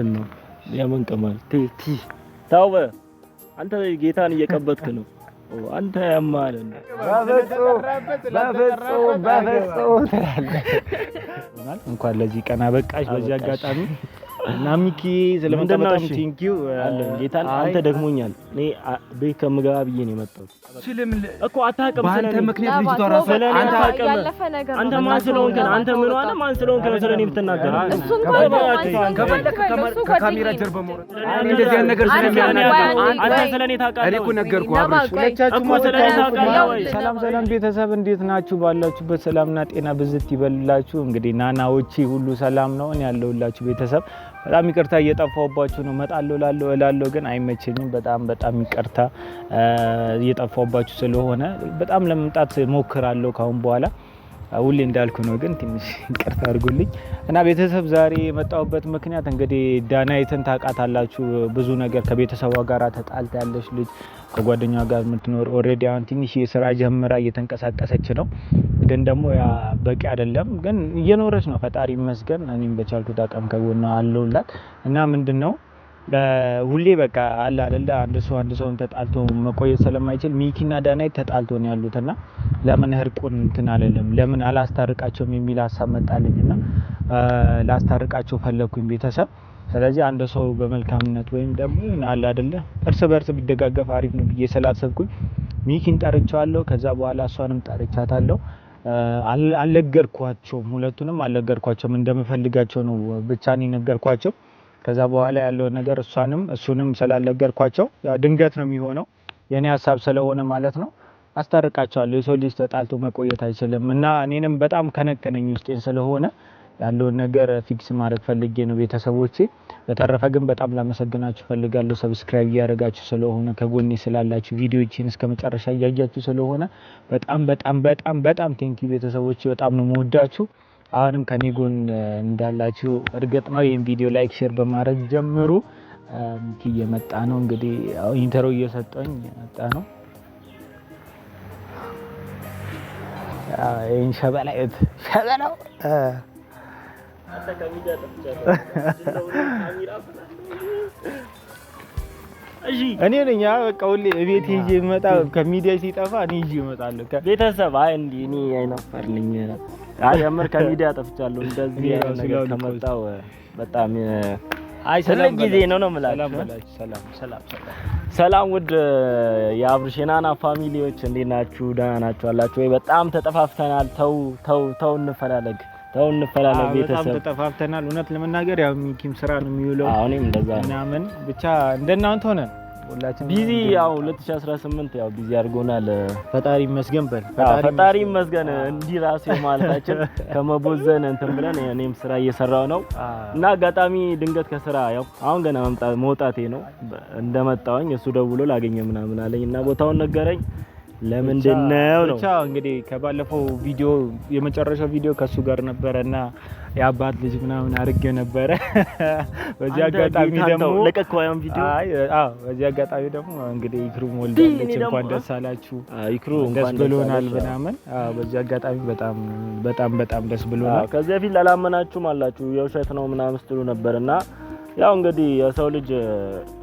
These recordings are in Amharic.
ምንድን ነው ቲ አንተ ጌታን እየቀበጥክ ነው። አንተ ያማለ በፍጹም በፍጹም ትላለህ። እንኳን ለዚህ ቀን አበቃሽ። በዚህ አጋጣሚ እና ሚኪ ስለመጣ በጣም ቴንኪው አለን ጌታን። አንተ ደግሞኛል። እኔ ቤት ከምገባ ብዬ ነው የመጣሁት። ስለምን እኮ አታውቅም። በአንተ ምክንያት ልጅቷ እራሱ አንተ ማን ስለሆንክ ነው? አንተ ምን ሆነ? ማን ስለሆንክ ነው ስለ እኔ የምትናገረው? ከካሜራ ጀርባ መሆን እንደዚህ አይነት ነገር ስለሚያናግረው አንተ ስለ እኔ ታውቃለህ። እኔ እኮ ነገርኩህ አብረሽ እኮ ስለ እኔ ታውቃለህ ወይ? ሰላም ሰላም፣ ቤተሰብ እንዴት ናችሁ? ባላችሁበት ሰላምና ጤና ብዝት ይበልላችሁ። እንግዲህ ናናዎቼ ሁሉ ሰላም ነው እኔ ያለሁላችሁ ቤተሰብ በጣም ይቅርታ እየጠፋባቸው ነው። እመጣለሁ እላለሁ እላለሁ ግን አይመቸኝም። በጣም በጣም ይቅርታ እየጠፋውባችሁ ስለሆነ በጣም ለመምጣት ሞክራለሁ ካሁን በኋላ ሁሌ እንዳልኩ ነው፣ ግን ትንሽ ይቅርታ አድርጉልኝ እና ቤተሰብ ዛሬ የመጣሁበት ምክንያት እንግዲህ ዳናይትን ታውቃታላችሁ። ብዙ ነገር ከቤተሰቧ ጋር ተጣልታ ያለች ልጅ ከጓደኛ ጋር የምትኖር ኦልሬዲ አሁን ትንሽ የስራ ጀምራ እየተንቀሳቀሰች ነው፣ ግን ደግሞ ያ በቂ አይደለም። ግን እየኖረች ነው፣ ፈጣሪ ይመስገን። እኔም በቻልኩት አቅም ከጎኗ አለሁላት እና ምንድን ነው ሁሌ በቃ አለ አይደለ አንድ ሰው አንድ ሰውን ተጣልቶ መቆየት ስለማይችል ሚኪና ዳናይት ተጣልቶ ነው ያሉት እና ለምን እርቁን እንትን አለለም ለምን አላስታርቃቸውም የሚል ሀሳብ መጣለኝ እና ላስታርቃቸው ፈለግኩኝ ቤተሰብ ስለዚህ አንድ ሰው በመልካምነት ወይም ደግሞ አለ አይደለ እርስ በእርስ ቢደጋገፍ አሪፍ ነው ብዬ ስላሰብኩኝ ሚኪን ጠርቻዋለሁ ከዛ በኋላ እሷንም ጠርቻታለሁ አለገርኳቸውም ሁለቱንም አለገርኳቸውም እንደምፈልጋቸው ነው ብቻ ነገርኳቸው። ከዛ በኋላ ያለውን ነገር እሷንም እሱንም ስላልነገርኳቸው ድንገት ነው የሚሆነው የእኔ ሀሳብ ስለሆነ ማለት ነው አስታርቃቸዋለሁ። የሰው ልጅ ተጣልቶ መቆየት አይችልም እና እኔንም በጣም ከነቀነኝ ውስጤን ስለሆነ ያለውን ነገር ፊክስ ማድረግ ፈልጌ ነው ቤተሰቦች። በተረፈ ግን በጣም ላመሰግናችሁ ፈልጋለሁ። ሰብስክራይብ እያደረጋችሁ ስለሆነ ከጎኔ ስላላችሁ ቪዲዮችን እስከ መጨረሻ እያያችሁ ስለሆነ በጣም በጣም በጣም በጣም ቴንኪ ቤተሰቦች፣ በጣም ነው መወዳችሁ። አሁንም ከኔ ጎን እንዳላችሁ እርግጥ ነው። ይህን ቪዲዮ ላይክ፣ ሼር በማድረግ ጀምሩ። እየመጣ ነው እንግዲህ ኢንተሮ እየሰጠኝ መጣ ነው። ይህን ሸበላ ሸበላው እኔ ነኝ። በቃ ሁሌ እቤት ይዤ የምመጣ ከሚዲያ ሲጠፋ እኔ ይዤ እመጣለሁ። ቤተሰብ አይ እንዲህ እኔ አይናፋርልኝ አይ የምር ከሚዲያ ጠፍቻለሁ። እንደዚህ ነገር ከመጣው በጣም አይ ሰላም ጊዜ ነው ነው የምላችሁ። ሰላም ሰላም ሰላም። ውድ የአብርሽ የናና ፋሚሊዎች እንዴት ናችሁ? ደህና ናችሁ አላችሁ ወይ? በጣም ተጠፋፍተናል። ተው ተው ተው እንፈላለግ ተው እንፈላለግ። ቤተሰብ በጣም ተጠፋፍተናል። እውነት ለመናገር ያው ሚኪም ስራ ነው የሚውለው። አሁንም እንደዛ ነው ምናምን ብቻ እንደናንተ ሆነን ቢዚ ያው 2018 ያው ቢዚ አድርጎናል። ፈጣሪ ይመስገን በል ፈጣሪ ይመስገን። እንዲህ ራሴ ማለታችን ከመቦዘን እንትን ብለን እኔም ስራ እየሰራው ነው እና አጋጣሚ ድንገት ከስራ ያው አሁን ገና መውጣቴ ነው እንደመጣውኝ እሱ ደውሎ ላገኘ ምናምን አለኝ እና ቦታውን ነገረኝ። ለምንድነው ነው ብቻ እንግዲህ ከባለፈው ቪዲዮ የመጨረሻው ቪዲዮ ከሱ ጋር ነበረ እና የአባት ልጅ ምናምን አድርጌ ነበረ። በዚህ አጋጣሚ ደግሞ በዚህ አጋጣሚ ደግሞ እንግዲህ ኢክሩ ወልዳለች። እንኳን ደስ አላችሁ። ደስ ብሎናል ምናምን። በዚህ አጋጣሚ በጣም በጣም በጣም ደስ ብሎናል። ከዚህ በፊት ላላመናችሁም አላችሁ የውሸት ነው ምናምን ስትሉ እና ያው እንግዲህ የሰው ልጅ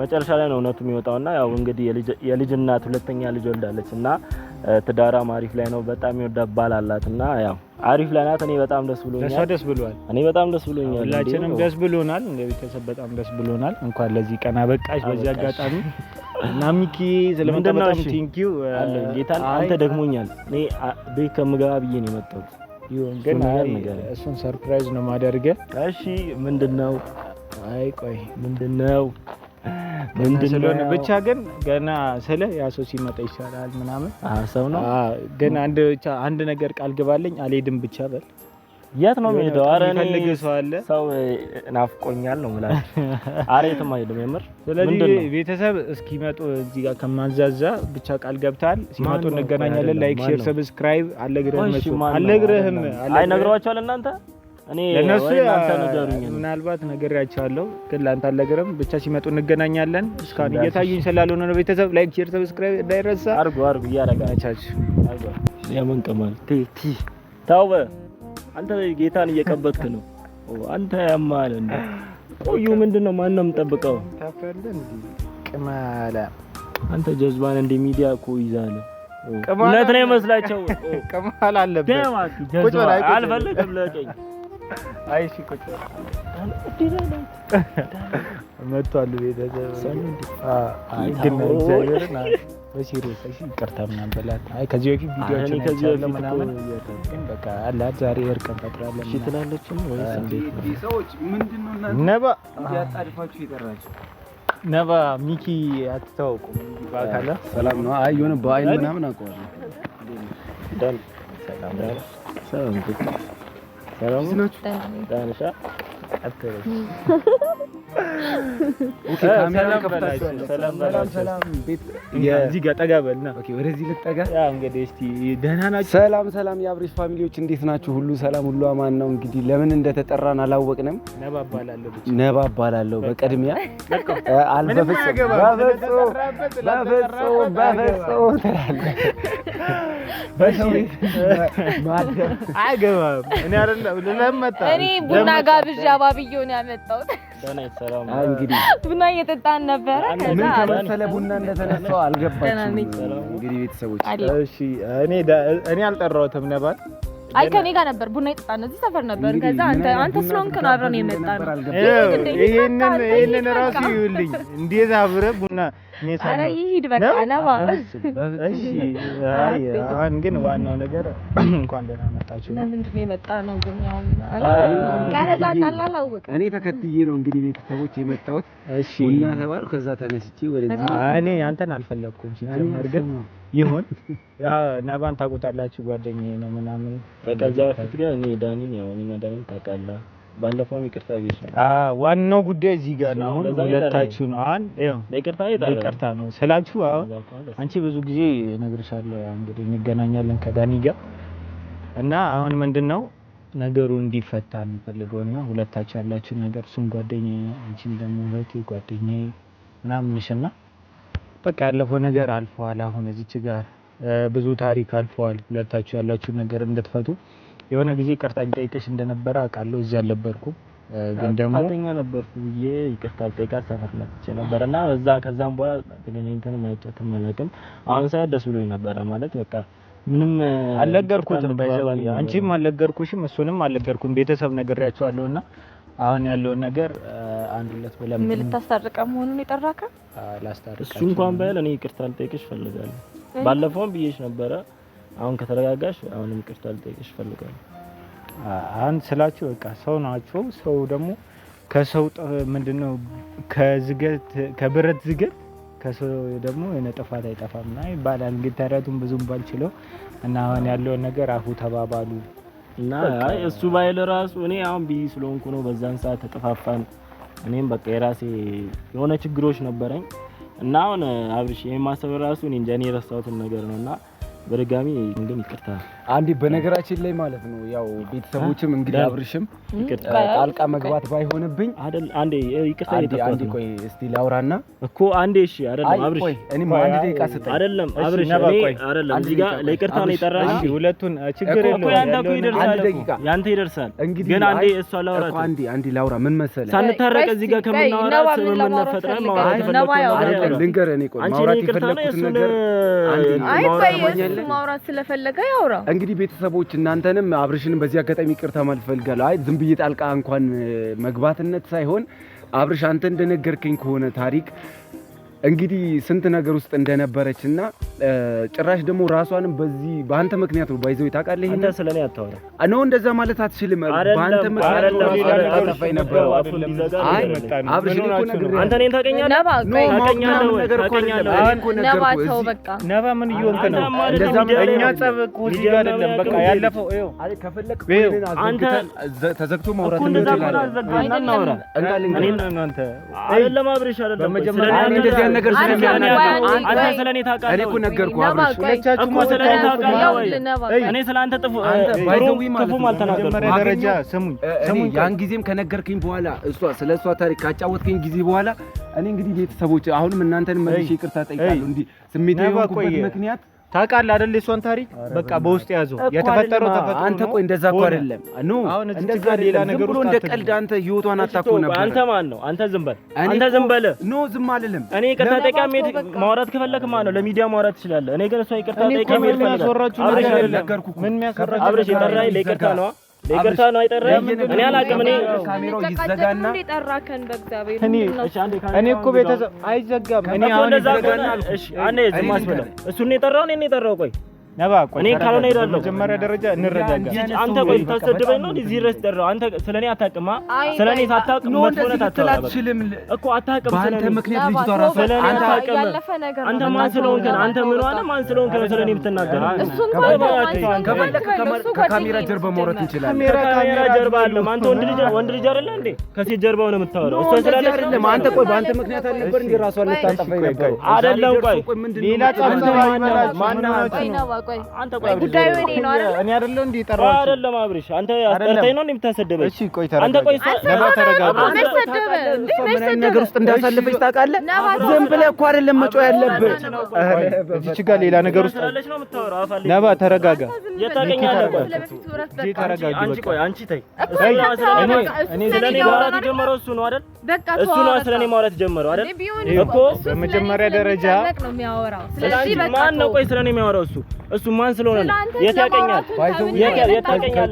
መጨረሻ ላይ ነው እውነቱ የሚወጣውና ያው እንግዲህ የልጅ እናት ሁለተኛ ልጅ ወልዳለች እና ትዳራም አሪፍ ላይ ነው። በጣም ይወዳ ባል አላት እና ያው አሪፍ ላይ ናት። እኔ በጣም ደስ ብሎኛል። ለእሷ ደስ ብሏል። እኔ በጣም ደስ ብሎኛል። ሁላችንም ደስ ብሎናል። እንደ ቤተሰብ በጣም ደስ ብሎናል። እንኳን ለዚህ ቀን አበቃሽ። በዚህ አጋጣሚ እና ሚኪ ስለመጣ በጣም አለ ጌታ። አንተ ደግሞኛል። እኔ ቤት ከምገባ ብዬ ነው የመጣሁት። ይሁን ግን እሱን ሰርፕራይዝ ነው ማደርገ። እሺ ምንድን ነው አይ ቆይ ምንድነው ምንድነው ብቻ ግን ገና ስለ ያ ሰው ሲመጣ ይሻላል ምናምን ሰው ነው ግን አንድ ብቻ አንድ ነገር ቃል ግባለኝ አልሄድም ብቻ በል የት ነው የምሄደው አረ እኔ ሰው ናፍቆኛል ነው የምላቸው አረ የትም አይሄድም የምር ስለዚህ ቤተሰብ እስኪመጡ እዚህ ጋር ከማንዛዛ ብቻ ቃል ገብታል ሲመጡ እንገናኛለን ላይክ ሼር ሰብስክራይብ አለግረህም አልነግርህም አይነግሯቸዋል እናንተ እኔ ለነሱ ምናልባት ነግሬያቸዋለሁ፣ ግን ለአንተ አልነገረም። ብቻ ሲመጡ እንገናኛለን። እስካሁን እየታዩኝ ስላልሆነ ነው። ቤተሰብ ላይክ፣ ሼር፣ ሰብስክራይብ እንዳይረሳ አርጉ አርጉ እያረጋቻችሁ ያመንቀማል። ቲ ታውበ አንተ ጌታን እየቀበጥክ ነው አንተ ያማል እንዴ? ቆዩ ምንድነው? ማን ነው የምጠብቀው? ቅማላ አንተ ጀዝባን እንደ ሚዲያ እኮ ይዛለ ቅማላ ነው ይመስላቸው። ቅማላ አለበት። አልፈልግም ለቀኝ አይ መቷል። ቤተሰብ ይቅርታ ምናምን በላት። አይ ከዚህ በፊት ቪዲዮችን ያለው ምናምን በቃ አላት። ዛሬ እርቅ እንፈጥራለን ትላለች። ነባ ነባ ሚኪ አትታወቁም። ሰላም ነው። አይ የሆነ በአይን ምናምን አውቀዋለሁ ሰላም ነው ታንሻ አትከረም ሰላም ሰላም፣ የአብሬሽ ፋሚሊዎች እንዴት ናችሁ? ሁሉ ሰላም፣ ሁሉ አማን ነው። እንግዲህ ለምን እንደተጠራን አላወቅንም። ነባ እባላለሁ። በቅድሚያ እንግዲህ ቡና እየጠጣን ነበረ። ምን ከመሰለ ቡና እንደተነሳው አልገባችም። እንግዲህ ቤተሰቦች እኔ አልጠራሁትም ነበር። አይ ከኔ ጋር ነበር ቡና ይጠጣን እዚህ ሰፈር ነበር። ከዛ አንተ አንተ ስለሆንክ ነው አብረን የመጣን። ይሄንን ይሄንን ራሱ ይኸውልኝ እንዴት አብረን ቡና ኧረ ይሂድ በቃ ነባ። አሁን ግን ዋናው ነገር እንኳን ደህና መጣችሁ። ለምንድን ነው የመጣ ነው ግን እኔ ተከትዬ ነው እንግዲህ ቤተሰቦች የመጣሁት ተባልኩ። ከዛ ተነስቼ ወደዚህ እኔ አንተን አልፈለግኩም ሲጀመር ግን ይሁን ነባን ታውቁታላችሁ፣ ጓደኛዬ ነው ምናምን በቃ በፊት ግን እኔ ዳኒን ያው እኔና ዳኒን ታውቃለህ ባለፈውም ይቅርታ ቢልሽ ዋናው ጉዳይ እዚህ ጋር ነው። አሁን ሁለታችሁ ነው አን ይቅርታ ነው ስላችሁ፣ አሁን አንቺ ብዙ ጊዜ እነግርሻለሁ እንግዲህ እንገናኛለን ከዳኒ ጋር እና አሁን ምንድን ነው ነገሩ እንዲፈታ እንፈልገው እና ሁለታችሁ ያላችሁ ነገር እሱም ጓደኛዬ አንቺም ደግሞ ሁለቴ ጓደኛዬ ምናምንሽ እና በቃ ያለፈው ነገር አልፈዋል። አሁን እዚች ጋር ብዙ ታሪክ አልፈዋል። ሁለታችሁ ያላችሁ ነገር እንድትፈቱ የሆነ ጊዜ ይቅርታ ጠይቀሽ እንደነበረ አውቃለሁ። እዚህ አልነበርኩም፣ ግን ደግሞ አጥኛ ነበርኩ ብዬ ይቅርታ ጠይቃ ሰፈር መጥቼ ነበር እና በዛ ከዛም በኋላ ተገናኝተን ማይጨትም አላውቅም። አሁን ሰዓት ደስ ብሎኝ ነበረ ማለት በቃ ምንም አልነገርኩትም፣ አንቺም አልነገርኩሽም፣ እሱንም አልነገርኩም። ቤተሰብ ነግሬያቸዋለሁ እና አሁን ያለውን ነገር አንድ ሁለት ብለን ምን ልታስታርቀ መሆኑን የጠራከ ላስታርቀ እሱ እንኳን ባይል እኔ ይቅርታ ልጠይቅሽ እፈልጋለሁ። ባለፈውም ብዬሽ ነበረ አሁን ከተረጋጋሽ አሁንም ይቅርታ ልጠይቅሽ እፈልጋለሁ። አንድ ስላችሁ በቃ ሰው ናቸው። ሰው ደግሞ ከሰው ምንድነው ከዝገት ከብረት ዝገት ከሰው ደግሞ የሆነ ጥፋት አይጠፋም ና ይባላል። እንግዲህ ተረቱን ብዙም ባልችለው እና አሁን ያለውን ነገር አፉ ተባባሉ እና እሱ ባይል ራሱ እኔ አሁን ብይ ስለሆንኩ ነው። በዛን ሰዓት ተጠፋፋን። እኔም በቃ የራሴ የሆነ ችግሮች ነበረኝ እና አሁን አብርሽ ይሄን ማሰብ ራሱ እኔ እንጃ እኔ የረሳሁትን ነገር ነው እና በድጋሚ ግን ይቅርታ አንዴ በነገራችን ላይ ማለት ነው ያው ቤተሰቦችም እንግዲህ አብርሽም ጣልቃ መግባት ባይሆንብኝ አይደል? አንዴ ይቅርታ አንዴ ቆይ እስቲ ላውራና እኮ አንዴ። እሺ አይደለም አብርሽ፣ እኔም አንድ ደቂቃ ስጠኝ። አይደለም አብርሽ፣ እኔ አይደለም እዚህ ጋር ለይቅርታ ነው የጠራህ። እሺ ሁለቱን ችግር የለውም ያንተ እኮ ይደርሳል፣ ያንተ ይደርሳል። ግን አንዴ እሷ ላውራ እኮ አንዴ አንዴ ላውራ። ምን መሰለህ ሳንታረቅ እዚህ ጋር ከምናወራ ስምምነት ፈጥረን ማውራት ተፈልጎ ልንገርህ፣ እኔ ቆይ ማውራት የፈለኩት ነገር አንዴ ማውራት ስለፈለገ ያውራ እንግዲህ ቤተሰቦች እናንተንም አብርሽንም በዚህ አጋጣሚ ይቅርታ ማለት እፈልጋለሁ። አይ ዝም ብዬ ጣልቃ እንኳን መግባትነት ሳይሆን አብርሽ አንተ እንደነገርከኝ ከሆነ ታሪክ እንግዲህ ስንት ነገር ውስጥ እንደነበረች እና ጭራሽ ደግሞ ራሷንም በዚህ በአንተ ምክንያት ነው ባይዘው ታውቃለህ። አንተ ስለኔ አታወራ ነው እንደዛ ማለት አትችልም። በአንተ ምክንያት ነው ነበር። አይ ነገር በቃ ነባ፣ ምን ነው? እንደዛ እኛ ጋር አይደለም። በቃ ያለፈው ከፈለክ አንተ ተዘግቶ ማውራት ነው። አይደለም አይደለም ያን ነገር አንተ እኮ እኔ ጥፉ ደረጃ ያን ጊዜም ከነገርከኝ በኋላ እሷ ስለ እሷ ታሪክ ካጫወትከኝ ጊዜ በኋላ እኔ እንግዲህ ቤተሰቦች አሁንም እናንተን መልሼ ይቅርታ ጠይቃለሁ። እንዲህ ስሜቴ የሆንኩበት ምክንያት ታውቃለህ አይደል? የሷን ታሪክ በቃ በውስጥ ያዘው። የተፈጠረው ተፈጠረ። አንተ ቆይ እንደዛ እኮ አይደለም። ኖ እንደዛ ሌላ ነገር ብሎ እንደ ቀልድ አንተ ህይወቷን አታውቁ ነበር። አንተ ማን ነው? አንተ ዝም በል፣ አንተ ዝም በል። ኖ ዝም አልልም እኔ። ይቅርታ ጠይቃ መሄድ ማውራት ከፈለክ ማን ነው ለሚዲያ ማውራት ትችላለህ። እኔ ግን እሷ ይቅርታ ጠይቃ መሄድ ፈልጋለሁ። አብረሽ የጠራኸኝ ለይቅርታ ነዋ ይቅርታ ነው አይጠራም። እኔ አላውቅም። እኔ ካሜራው ይዘጋና በእግዚአብሔር እኔ እኮ ቤተሰብ አይዘጋም። እኔ አሁን ይዘጋና እሺ፣ እሱን የጠራው እኔ የጠራው ቆይ ነባ እኔ ካልሆነ እሄዳለሁ። መጀመሪያ ደረጃ እንረጋጋ። አንተ ቆይ ታሰድበኝ ነው እዚህ ድረስ ጠራው። አንተ ስለኔ አታውቅማ ስለኔ ሳታውቅም መጥፎነት አታውቅም እኮ ምክንያት አንተ ማን አንተ ምን ማን ስለኔ የምትናገረው? ከካሜራ ጀርባ ማውራት ጀርባ ወንድ ልጅ ወንድ ልጅ አይደለ እንዴ? ከሴት ጀርባው ነው የምታወራው። አንተ ቆይ በአንተ ምክንያት እንዴ አይደለም? ቆይ ሌላ ማን ቆይ አንተ ቆይ ጉዳዩ እኔ ነው አይደል? እኔ አይደለም እንዴ ጠራው አይደለም? አብርሽ አንተ ማውራት ጀመረው አይደል እኮ በመጀመሪያ ደረጃ ማን ነው ቆይ ስለኔ የሚያወራው እሱ እሱ ማን ስለሆነ ነው? የት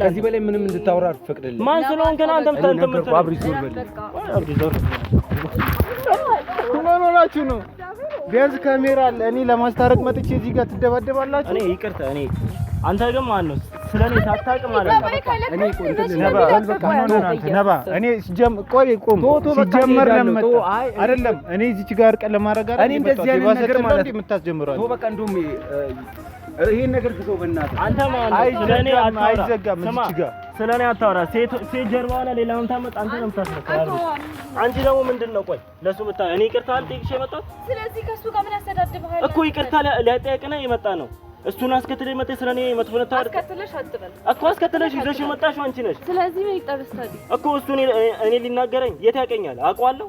ከዚህ በላይ ምንም እንድታወራ አልፈቅድልህም። ማን ስለሆነ ገና አንተም ተንተም ነው? ቢያንስ ካሜራ አለ። እኔ ለማስታረቅ መጥቼ እዚህ ጋር ትደባደባላችሁ። እኔ ይቅርታ። እኔ አንተ ግን ማን ነው? ስለኔ ሳታቅ ማለት ነው። እኔ ሲጀም ቆይ ቆም ሲጀመር ለምን አይደለም እኔ እዚች ጋር ቀን ለማረጋጋት እኔ እንደዚህ አይነት ነገር ማለት ነው የምታስጀምረው። በቃ እንደውም ይሄን ነገር ግዘው በእናትህ አንተ ማለት አይዘጋም። እዚህ ጋር ስለኔ አታወራ። ሴት ሴት ጀርባዋ ላይ ሌላ ምን ታመጣ? አንተ ነው የምታስረካው። አንቺ ደግሞ ምንድን ነው? ቆይ ለሱ ብታ እኔ ይቅርታ አልጠይቅሽ የመጣው ስለዚህ ከሱ ጋር ምን ያስተዳድብሃል እኮ ይቅርታ ሊያጠያቅና የመጣ ነው። እሱን አስከትለሽ የመጣሽ ስለኔ መጥፎ ነው። ታወር አስከትለሽ አትበል እኮ አስከትለሽ ይዘሽ የመጣሽው አንቺ ነሽ። ስለዚህ ምን ይጠርሳል እኮ እሱን እኔ ሊናገረኝ የት ያቀኛል? አውቀዋለሁ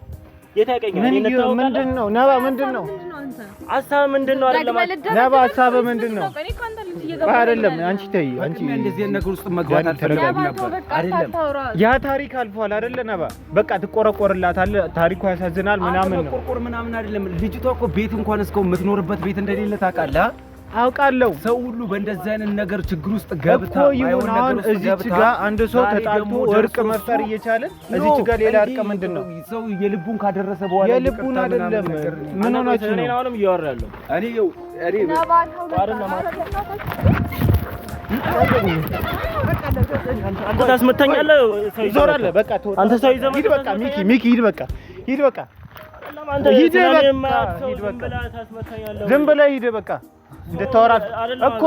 ነው ነባ? ምንድን ነው ሀሳብ? ምንድን ነው ነው ውስጥ መግባት ያ ታሪክ አልፏል አይደለ ነባ? በቃ ትቆረቆርላታለህ። ታሪኩ ያሳዝናል ምናምን ነው። ቆርቆር ምናምን አይደለም። ልጅቷ እኮ ቤት እንኳን እስከው የምትኖርበት ቤት እንደሌለ ታውቃለህ። አውቃለሁ። ሰው ሁሉ በእንደዚህ አይነት ነገር ችግር ውስጥ ገብታ ይሁን አሁን እዚች ጋር አንድ ሰው ተጣልቶ እርቅ መፍጠር እየቻለ እዚች ጋ ሌላ እርቅ ምንድን ነው? ሰው የልቡን ካደረሰ በኋላ የልቡን አይደለም። ምን ሆናችሁ ነው? አሁንም እያወራለሁ እኔ ይው እኔ አንተ ታስመታኛለህ። ዞር አለ። በቃ አንተ ሰው ይዘህ ሂድ። በቃ ሚኪ ሚኪ ሂድ። በቃ ሂድ። በቃ ሂድ። በቃ ዝም ብለህ ሂድ። በቃ እንድታወራ እኮ